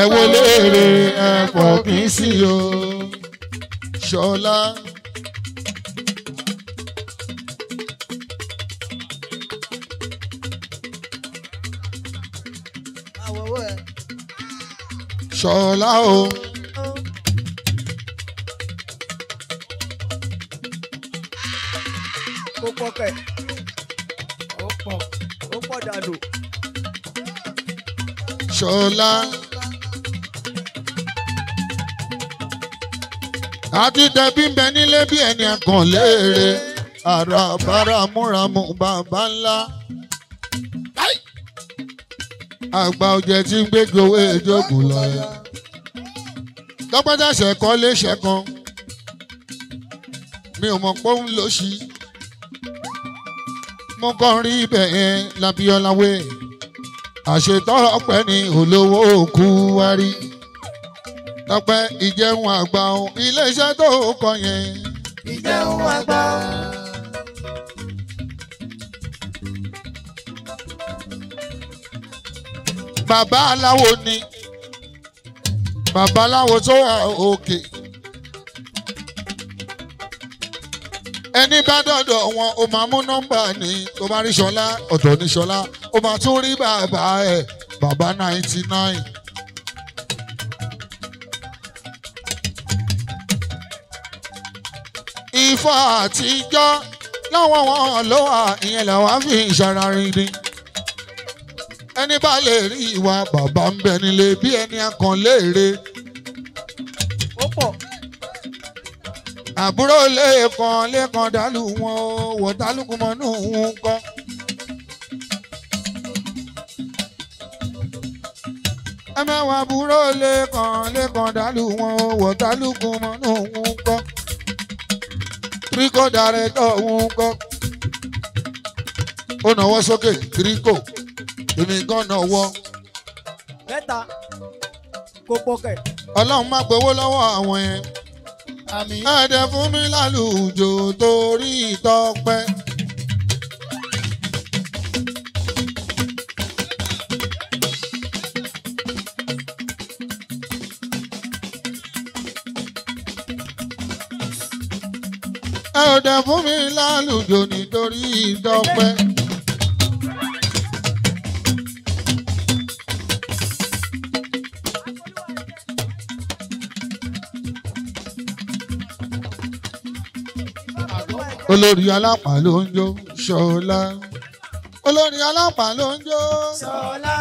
ẹ wo léèrè ẹ pọ̀ kí n sí o ṣọlá. ṣọlá o. ó pọ̀ kẹ̀ ó pọ̀ ó pọ̀ dànù. ṣọlá. àti tẹ̀bí bẹ nílé bí ẹni ẹ̀kan léèrè ara bára múramù bàbá ńlá. àgbà ọ̀jẹ̀ tí ń gbégbé owó ìjókòó lọ́yà. tọ́pẹ́tà ṣẹ̀kọ́ léṣe kan mi ò mọ̀ pé òun ló ṣí. mo kàn rí ibẹ̀ yẹn lábíọ́láwé àṣetọ́ ọpẹ́ ni olówó òkú wá Tọ́pẹ́ ìjẹun àgbà ohun iléeṣẹ́ tó kọ yẹn. Ìjẹun àgbà. Bàbá aláwo ni bàbá aláwo tó wà òkè. Ẹni bá dọ̀dọ̀ wọn ó máa mú nọ́mbà ní tó bá rí Ṣọlá ọ̀dọ̀ ní Ṣọlá ó máa tún rí bàbá ẹ̀ bàbá ninety nine. Ifá àtijọ́ lọ́wọ́ wọn ló wà ìyẹn làwọn fi ń ṣara rinrin. Ẹni bá lè rí ìwà bàbá ń bẹ nílé bí ẹni akàn léèrè. Ó Àbúrò lẹ́ẹ̀kan lẹ́ẹ̀kan dálù wọn o wọ̀ dálùkù mọ́nú òun ẹ máa wà lẹ́ẹ̀kan lẹ́ẹ̀kan dálù wọn o wọ̀ dálùkù mọ́nú tíríkò dàrẹ́tọ̀ òun kọ́ ó náwó sókè tíríkò èmi gan náwó. mẹ́ta kò pọkẹ̀. ọlọ́run má gbowó lọ́wọ́ àwọn yẹn. àmín. ẹ̀ẹ́dẹ̀ fún mi lálùjò torí ìtọ́pẹ́. ò dẹ̀ fún mi lálùjò nítorí ìdọ́pẹ́. olórí ọlọ́pàá ló ń jó ṣọlá olórí ọlọ́pàá ló ń jó ṣọlá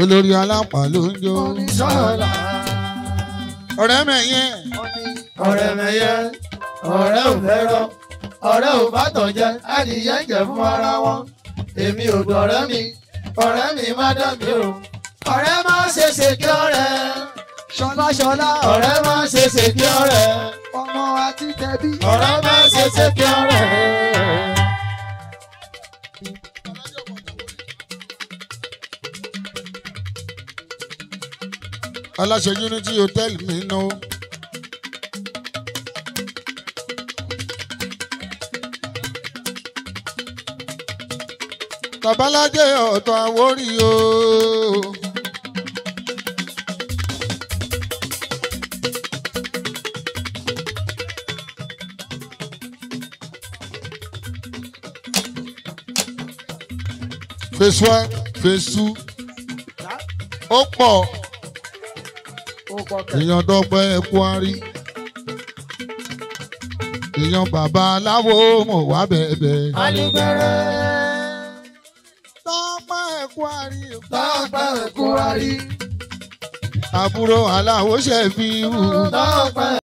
olórí ọlọ́pàá ló ń jó ṣọlá ọ̀rẹ́ mẹ̀yẹ. ọ̀rẹ́ mẹ̀yẹ ọ̀rẹ́ ò fẹ́ rọ ọ̀rẹ́ ò bá tọ̀ jẹ adìyẹ ń jẹ fún ara wọn èmi ò dọ̀rẹ́ mi ọ̀rẹ́ mi má dán mi o ọ̀rẹ́ má ṣe ṣe kí ọ̀rẹ́ ṣọlá ṣọlá ọ̀rẹ́ má ṣe ṣe kí ọ̀rẹ́ ọmọ àti tẹbí ọ̀rẹ́ má ṣe ṣe kí ọ̀rẹ́. aláṣẹ unity hotel mi ná. babalájẹ ọ̀tọ̀ àwórì o. phase one phase two ó pọ̀ èèyàn dọ́pẹ́ Kwari èèyàn bàbá aláwo mọ̀ wá bẹ̀bẹ̀. alùpẹ̀rẹ̀. Tọ́pẹ́ Kwari. Tọ́pẹ́ Kwari. àbúrò aláwo ṣe fi hù. Tọ́pẹ́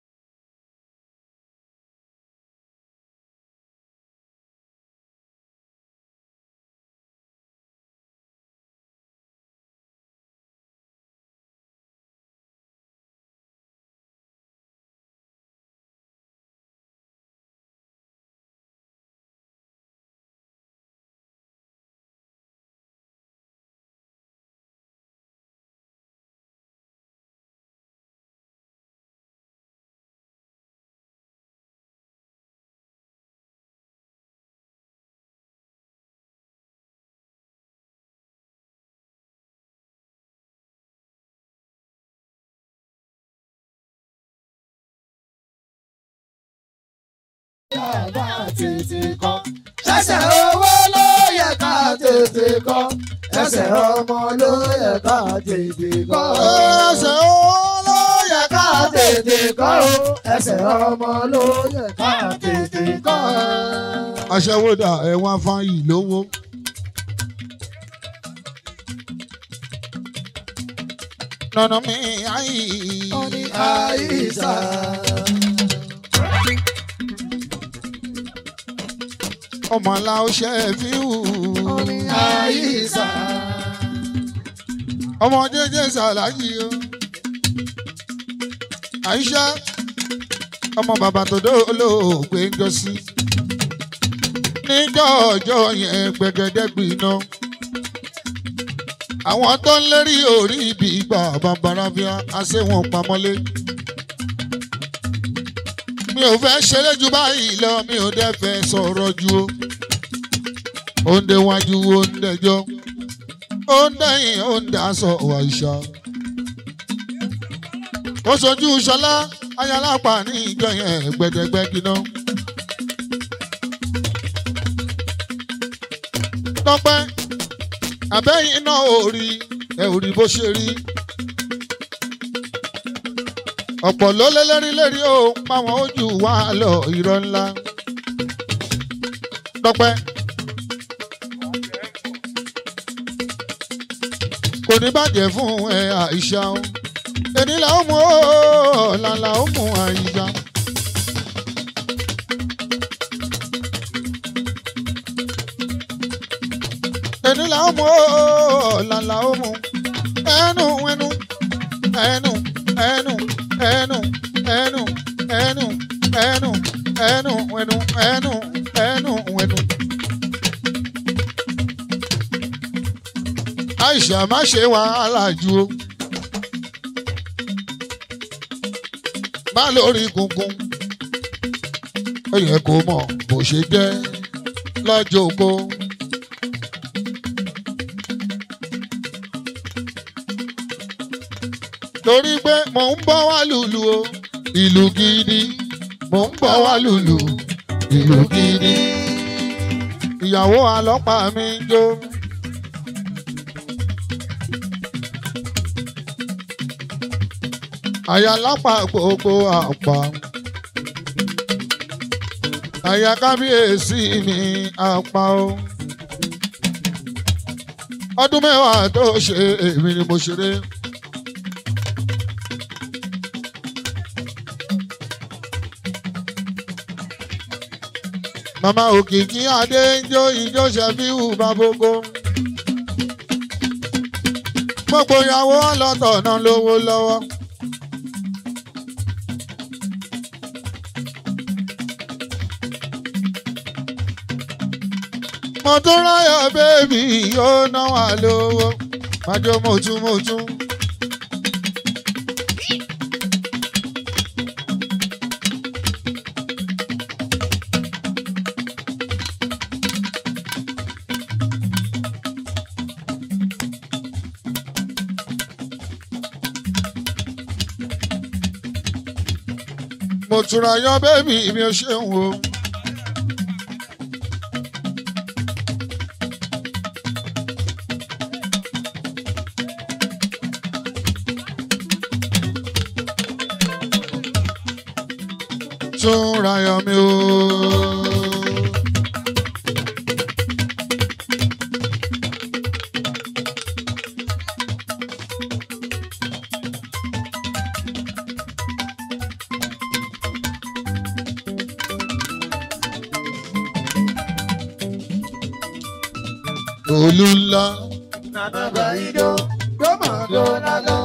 bá títí kọ́. ẹsẹ̀ owó ló yẹ ká tètè kọ́ ẹsẹ̀ ọmọ ló yẹ ká tètè kọ́. ẹsẹ̀ owó ló yẹ ká tètè kọ́ ẹsẹ̀ ọmọ ló yẹ ká tètè kọ́. aṣẹ́wọ́dà ẹ̀wọ̀n afáyín lówó. nana mi ayi. Oni ayi sa. ọmọlá ó ṣe fi hù. orin àyíṣà. ọmọ jẹjẹ ṣàlàyé o. àyíṣà ọmọ bàbá tó dó olóògbé ń jọ sí. níjọ́ ọjọ́ yẹn gbẹ̀gẹ́dẹ́ gbiná. àwọn tó ń lérí orí ibi ìgbà bàbá rábíà á ṣe wọn pamọ́lé mi ò fẹ́ ṣeré ju báyìí lọ mi ò dẹ́ fẹ́ sọ̀rọ̀ ju o. ó ń déwájú ó ń dẹjọ́ ó ń dẹ́yìn ó ń dáṣọ wàṣà. ó sojú ṣọlá ayálápá ní ìjọ yẹn gbẹdẹgbẹdì náà. tọ́pẹ́ àbẹ́yìn náà ò rí ẹ̀ ò rí bó ṣe rí ọ̀pọ̀ ló lé lérí o ó ń pa wọn ojú wa lọ irọ́ ńlá. dọ́pẹ́. kò ní bàjẹ́ fún ẹ àìṣà o èdè là ó mú ó làlà ó mú àìṣà. èdè là ó mú ó làlà ó mú ẹnu ẹnu ẹnu ẹnu ẹnu ẹnu ẹnu ẹnu ẹnu ẹnu ẹnu ẹnu ẹnu. Aisha má ṣe wàhálà jù o. Má lórí gungun. Ó yẹ kó mọ̀ bó ṣe jẹ́ lọ́jọ́ ògbó. torí pé mò ń bọ̀ wá lùlù o ìlú gidi mò ń bọ̀ wá lùlù ìlú gidi ìyàwó àlọ́pàá mi ń jó. àyà lápá gbogbo àpá àyà kábíyèsí mi àpá o ọdún mẹ́wàá tó ṣe èmi ni mo ṣeré. Mama òkìkí adé ń ijo ìjó ṣẹ́fíhù bàbógo. gbogbo ìyàwó ọlọ́tọ̀ náà lówó lọ́wọ́. mo tún ráyọ̀ bébì yóò náwó àlówó májò mọ̀túmọ̀tún. mo túnra yan bẹ́ẹ̀bì mi ò ṣeun o. Olú ńlá. Nàdàgbà ìjọ gbọ́mọ̀ gbọ́dá lọ.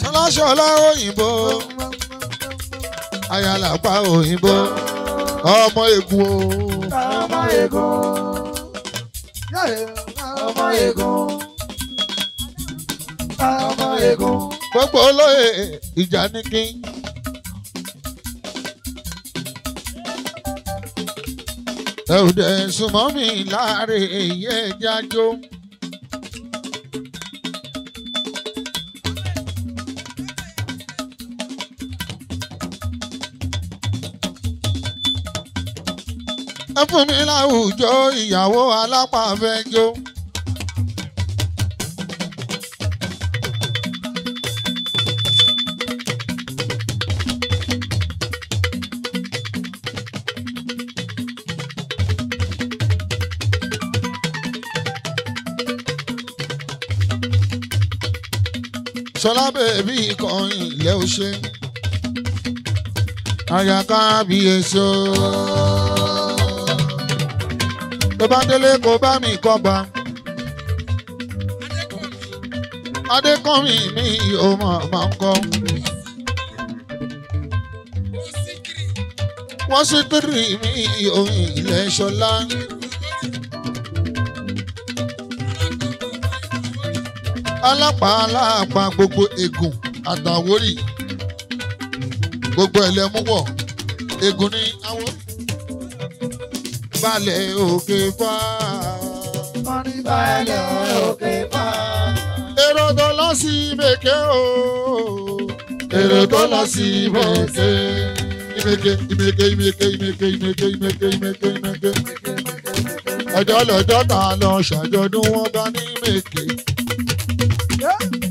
Ṣọláṣọlá òyìnbó, Ayálàpá òyìnbó, ọmọ ègún o. Ọmọ ègún, ọmọ ègún, ọmọ ègún. Gbogbo olóyè ìjà ní kí. ẹ̀wùdẹ̀ súnmọ́ mi láre èyí ẹja jó. ẹ fún mi láwùjọ ìyàwó alápàfẹ́jọ́. bèbí kọrin ilẹ̀ ó ṣe aya kábíyèsí o. tó bá délé kó bá mi kọba adékọ́mi mi ò mọ̀ máa ń kọ́. wọ́n sì kiri mi ò ilẹ̀ ṣọlá. alápàá aláàpàá gbogbo ègùn àtàwórì gbogbo ẹ̀lẹ́ mú wọ̀ ègùn ní àwọn. balẹ̀ òkè fà. balẹ̀ òkè fà. èrò tó lọ sí ìmẹ̀kẹ́ o. èrò tó lọ sí ìmẹ̀kẹ́. ìmẹ̀kẹ́ ìmẹ̀kẹ́ ìmẹ̀kẹ́ ìmẹ̀kẹ́ ìmẹ̀kẹ́ ìmẹ̀kẹ́ ìmẹ̀kẹ́ ìmẹ̀kẹ́. ọjọ́ lọ́jọ́ ta lọ ṣàjọdún wọn bá ní ìmẹ̀kẹ́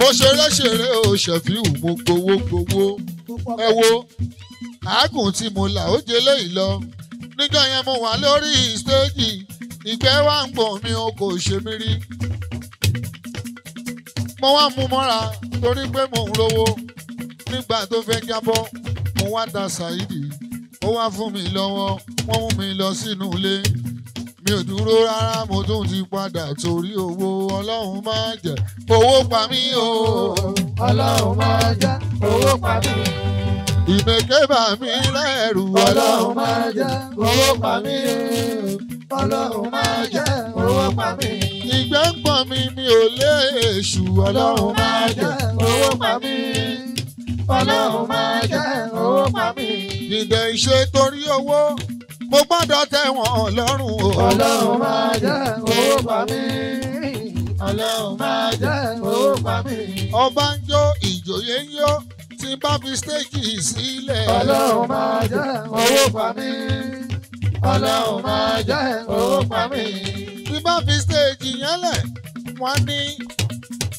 mo ṣeré ṣeré o ṣẹ̀fíù mo gbowó gbowó ẹ wo àágùn tí mo là ó jẹ lẹ́yìn lọ níjọ yẹn mo wà lórí stéèjì ìgbẹ́ wà ń gbọ̀n mi o kò ṣe mí rí mo wá mú mọ́ra torí pé mo ń rówó nígbà tó fẹ́ jábọ́ mo wá da ṣáìdì ó wá fún mi lọ́wọ́ wọ́n mú mi lọ sínú ilé mi ò dúró rárá mo tún ti padà torí owó ọlọ́run máa jẹ owó pa mí o. ọlọ́run máa jẹ owó pa mí. ìmẹ̀kẹ́ bà mi lẹ́rù. ọlọ́run máa jẹ owó pa mí. ọlọ́run máa jẹ owó pa mí. ìgbẹ́ ń pọ̀ mi mi ò lé èṣù. ọlọ́run máa jẹ owó pa mí. ọlọ́run máa jẹ owó pa mí. ìdẹ̀ ìṣe torí owó mo gbọ́dọ̀ tẹ́ wọn lọ́rùn o. ọlọ́run máa jẹ́ owó pa mí. ọlọ́run máa jẹ́ owó pa mí. ọba ń jó ìjòyè ń yó tí bá fi stéèjì sílẹ̀. ọlọ́run máa jẹ́ owó pa mí. ọlọ́run máa jẹ́ owó pa mí. tí bá fi stéèjì yẹn lẹ̀ wọ́n ní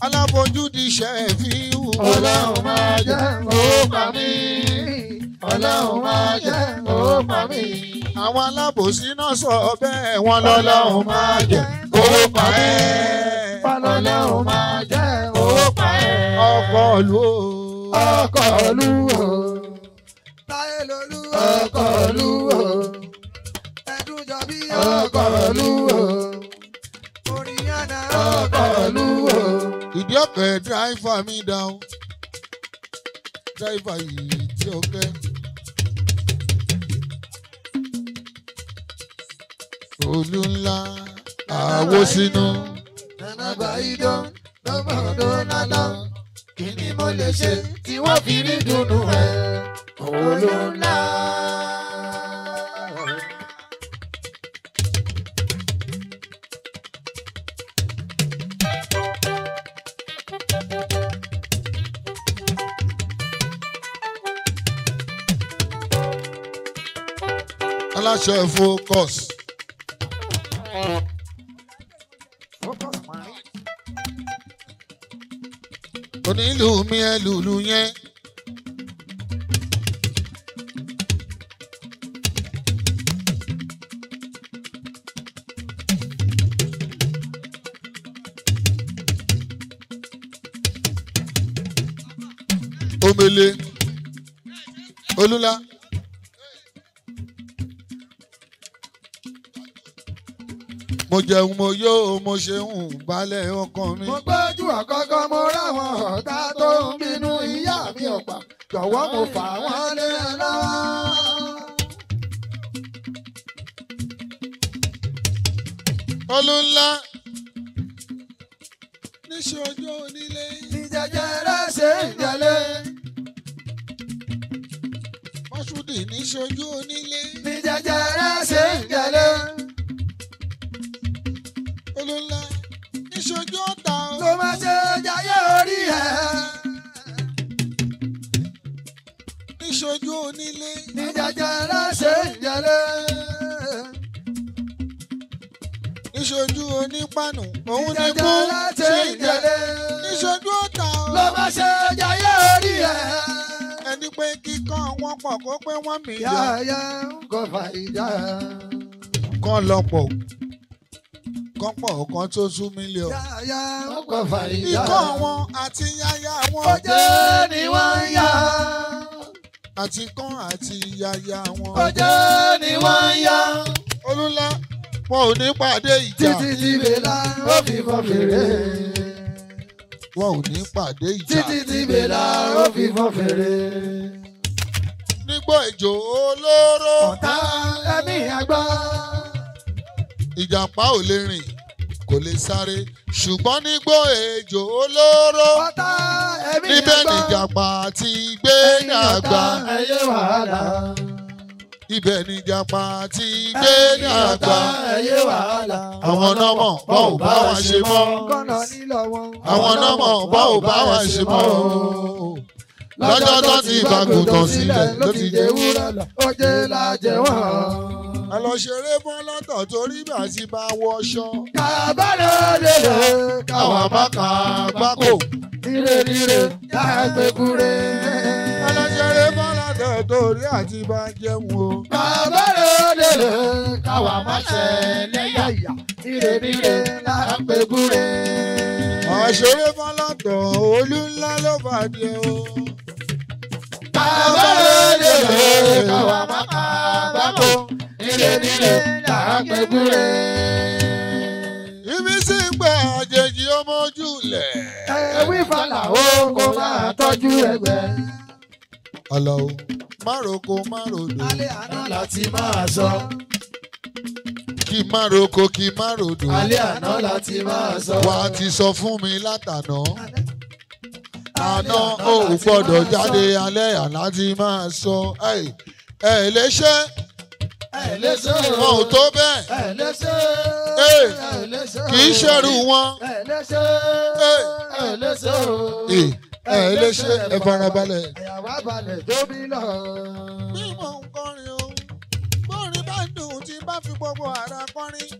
alábòjúdi ṣẹ́ẹ̀fì wù. ọlọ́run máa jẹ́ owó pa mí. ọlọ́run máa jẹ́ owó pa mí àwọn alábòsí náà sọ bẹ́ẹ̀ wọn lọ́lọ́run máa jẹ́ owó pa ẹ́. fọlọ́lọ́run máa jẹ́ owó pa ẹ́. ọkọ lu o. ọkọ lu o. táyé lolú ọkọ lu o. ẹdun jọ bí ọkọ lu o. orin àná ọkọ lu o. ìdí ọ̀kẹ́ dráìfà mi dáhùn dráìfà yìí tí ó okay. olú ńlá àwo sínú. nànàbà idán lọ́mọdún nànà kí ni mo lè ṣe tí wọ́n fi rí dùnú ẹ̀ olú ńlá. aláṣẹ focus. onílù mi ẹ lùlù yẹn. omele olúla. mo jẹun mo yó mo ṣeun balẹ̀ ọkàn mi. mo gbójú ọ̀kọ́kọ́ mo ráwọn ọ̀tá tó ń bínú ìyá mi ọ̀pá jọ̀wọ́ mo fà wọ́n lé lọ́wọ́. olú ńlá níṣẹ́ ọjọ́ onílé. ìjẹjẹrẹ ṣe ìjẹlé. Mashood níṣẹ́ ọjọ́ onílé. ìjẹjẹrẹ ṣe ìjẹlé. panù òun ni kú ṣe ìjẹlẹ níṣojú ọ̀tá o. ló bá ṣe jayé orí ẹ. ẹni pé kíkọ́ wọn pọ̀ kó pé wọ́n mi yá. yáyá kò fà ìjà. kán lọ́pọ̀ kán pọ̀ kán tó tú mílíọ̀nù. yáyá kò fà ìjà. ikọ̀ wọn àti yáyá wọn. ọjọ́ ni wọ́n ń yá àti kán àti yaya wọn. ọjọ́ ni wọ́n ń yá. olúlá wọn ò ní pàdé ìjà. títí tí bèlà ó fi fọ́ fèrè. wọn ò ní pàdé ìjà. títí tí bèlà ó fi fọ́ fèrè. nígbọ́ ìjò olóró. ọ̀tá ẹ̀mí àgbà. ìjàpá ò lè rìn kò lè sáré ṣùgbọ́n nígbó ejò olóró níbẹ̀ nìjàpá ti gbé dàgbà. ẹ̀yin ọ̀tá ẹ̀yẹ wàhálà ibẹ̀ ni japa ti gbé ní àgbà. ẹyẹ wàhálà. àwọn nọ́mọ̀ bá ò bá wa ṣe mọ́. kọ́nà nílò wọn. àwọn nọ́mọ̀ bá ò bá wa ṣe mọ́. lọ́jọ́ tó ti bàgùntàn sílẹ̀ ló ti jẹ́ wúrọ̀ ọjẹ́ la jẹ́ wọ́n a lọ ṣeré mọ́ lọ́tọ̀ torí bí àti bá wọṣọ. kàbálẹ̀ òdèdè káwa má kà á gbáko. ire ire ká ẹ pé kúre. a kẹ́ torí àti bá jẹun o. bàbá rẹ̀ lèlè káwa má ṣe lẹ́yàyà ìrèbíre lára pẹ̀gúre. àṣeré fọlọ́tọ̀ olú ńlá ló bàdé o. bàbá rẹ̀ lèlè káwa má kà bàbá ìrèbíre lára pẹ̀gúre. ibi sì ń gbà àjèjì ọmọ ojúlẹ̀. ẹ̀wí falà ó kó máa tọ́jú ẹgbẹ́ ọlọ o má roko má rodò. alẹ́ àná láti máa sọ. kí má roko kí má rodò. alẹ́ àná láti máa sọ. wà á ti sọ fún mi látàná. àná ò gbọ́dọ̀ jáde alẹ́ àná ti máa sọ. ẹ ẹ léṣẹ́ wọn ò tó bẹ́ẹ̀ kì í ṣẹ̀rù wọn ẹ ilé ṣe ẹ fara balẹ̀. àyàwó abalẹ̀ jóbi náà. bí mò ń kọrin o bórin bá dùn tí bá fi gbogbo ara kọrin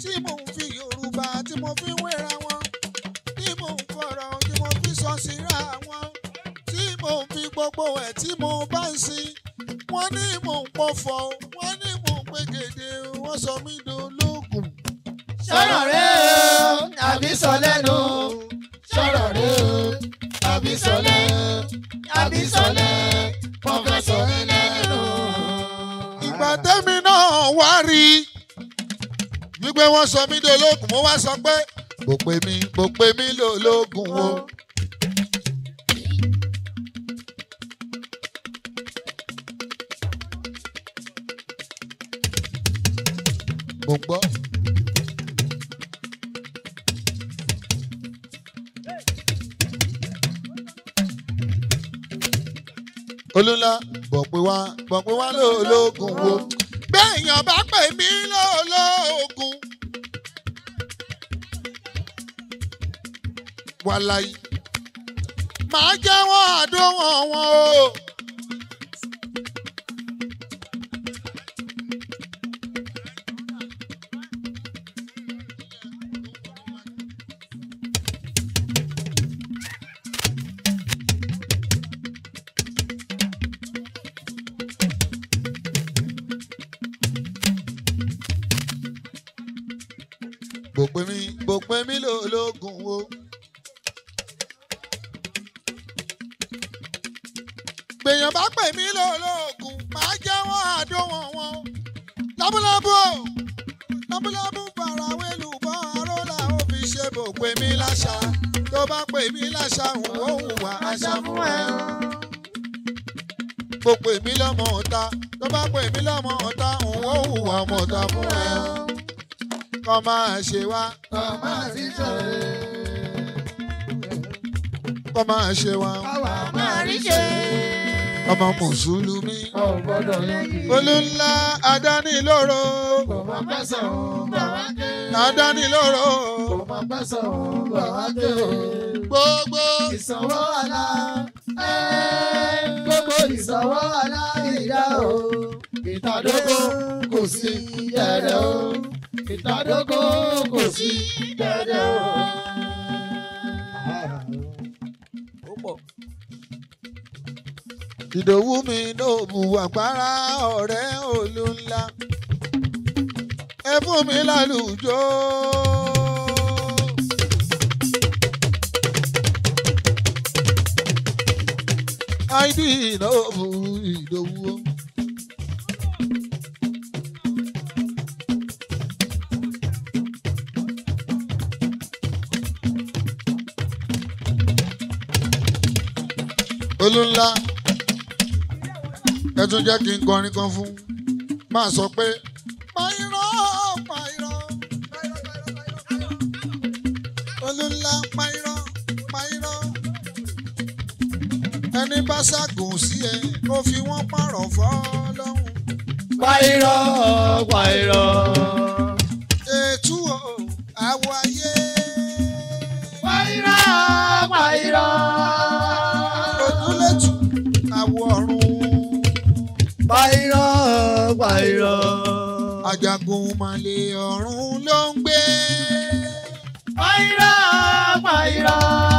tí mò ń fi Yorùbá tí mo fi wéra wọn tí mò ń fọ̀rọ̀ tí mo fi sọ síra wọn tí mò ń fi gbogbo ẹ̀ tí mo bá ń sin wọ́n ní mò ń pọ̀fọ̀ wọ́n ní mò ń pegedé wọ́n sọ mí dológun. sọ̀rọ̀ rẹ̀ o àbí sọ lẹ́nu sọ̀rọ̀ rẹ̀ o. Abisole, Abisole, pọfẹsọ ẹlẹ́nu. ìgbà tẹ́mi náà wá rí i wípé wọ́n sọ mí dológun mo wá sọ pé kò pè mí kò pè mí lológun o. mo gbọ́. olúńlá bọ̀ pé wá bọ̀ pé wá lóòlóògùn wo béèyàn bá pè mí lóòlóògùn. wàláyé màá jẹ́wọ́ àdó wọn wọn o. fẹ́mi lòlógùn o. gbèyàn bá pè mí lòlógùn máa jẹ́ wọ́n àdóhùn wọn. lábúlábú o lábúlábú farawé lùbọ́ aró làwọn fi ṣe bò pè mí láṣà tó bá pè mí láṣà òun ó hùwà àṣà fún ẹ. mo pè mí lọ́mọ ọ̀tá tó bá pè mí lọ́mọ ọ̀tá òun ó hùwà ọmọ ọ̀tá fún ẹ kọ́ máa ṣe wá. kọ́ máa ti ṣòro. kọ́ máa ṣe wá. àwa máa rí ṣe. ọmọ mùsùlùmí. ọ̀gbọ́dọ̀ yanjú. olùńlá adánilóró. kò máa bá sọ̀rọ̀ bàbá ké. adánilóró. kò máa bá sọ̀rọ̀ bàbá ké. gbogbo. ìsanwó àlá. gbogbo ìsanwó àlá ìdá o. ìtàdógó kò sí ìdẹ̀rẹ̀ o ìtàdógó kò sí dandan. ìdòwú mi lóòbù àpárá ọ̀rẹ́ olú ńlá ẹ fún mi lálùjọ. àìdí ìnáwó ìdòwú. olúńlá ẹ tún jẹ́ kí n kọrin kan fún máa sọ pé pàìrọ̀ pàìrọ̀ olúńlá pàìrọ̀ pàìrọ̀ ẹni bá ṣàgùn sí ẹ kó fi wọ́n pààrọ̀ fọ́ lọ́hùn. pàìrọ̀ pàìrọ̀. ètú o àwọ̀ ayé. pàìrọ̀ pàìrọ̀. pa irọ́. Ajagun màlè ọ̀run ló ń gbé. Pa irọ́, pa irọ́.